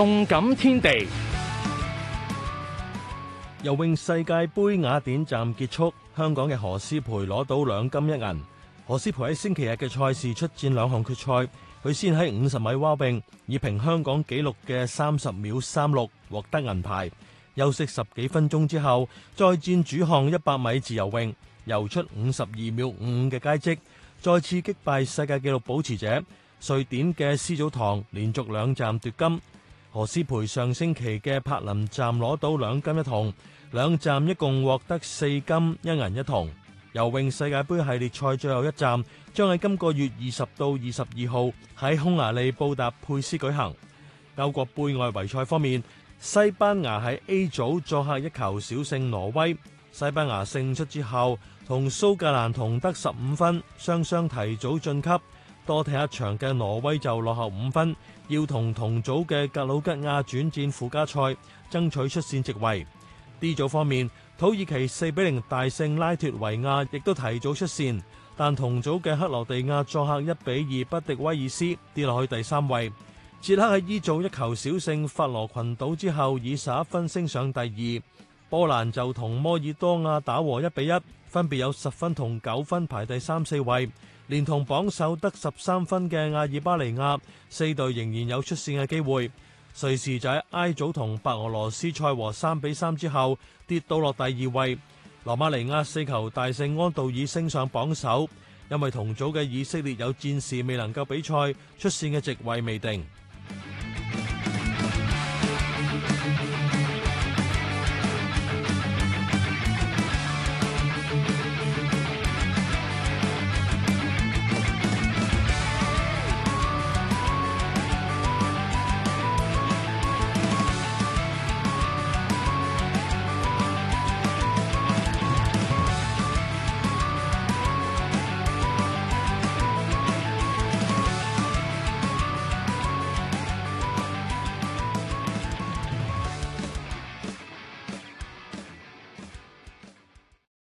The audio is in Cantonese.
動感天地游泳世界盃雅典站結束，香港嘅何詩蓓攞到兩金一銀。何詩蓓喺星期日嘅賽事出戰兩項決賽，佢先喺五十米蛙泳以平香港紀錄嘅三十秒三六獲得銀牌。休息十幾分鐘之後，再戰主項一百米自由泳，游出五十二秒五五嘅佳績，再次擊敗世界紀錄保持者瑞典嘅施祖堂，連續兩站奪金。何詩蓓上星期嘅柏林站攞到兩金一銅，兩站一共獲得四金一銀一銅。游泳世界杯系列賽最後一站將喺今個月二十到二十二號喺匈牙利布達佩斯舉行。歐國杯外圍賽方面，西班牙喺 A 組作客一球小勝挪威，西班牙勝出之後同蘇格蘭同得十五分，雙雙提早晉級。多踢一場嘅挪威就落後五分，要同同組嘅格魯吉亞轉戰附加賽，爭取出線席位。D 組方面，土耳其四比零大勝拉脫維亞，亦都提早出線，但同組嘅克羅地亞作客一比二不敵威爾斯，跌落去第三位。捷克喺 E 組一球小勝法羅群島之後，以十一分升上第二。波蘭就同摩爾多亞打和一比一，分別有十分同九分排第三、四位，連同榜首得十三分嘅阿爾巴尼亞，四隊仍然有出線嘅機會。瑞士就喺埃組同白俄羅斯賽和三比三之後，跌到落第二位。羅馬尼亞四球大勝安道爾，升上榜首，因為同組嘅以色列有戰事未能夠比賽，出線嘅席位未定。